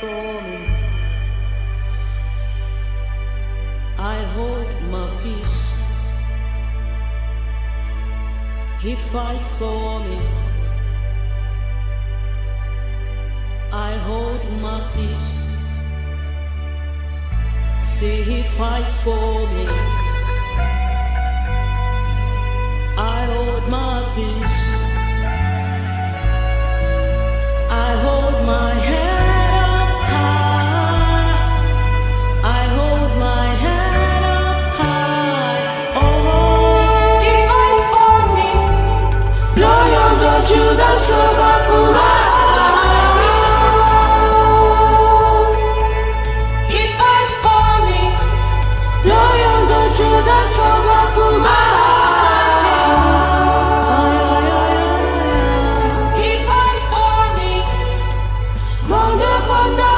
for me. I hold my peace. He fights for me. I hold my peace. See, he fights for me. no.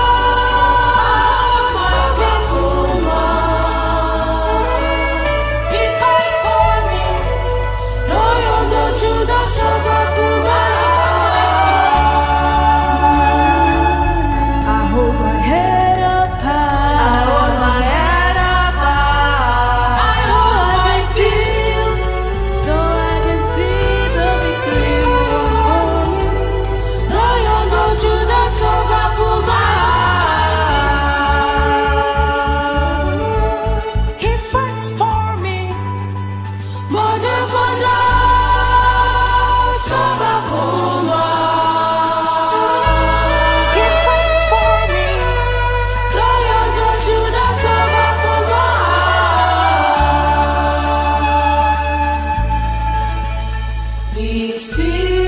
Spirit.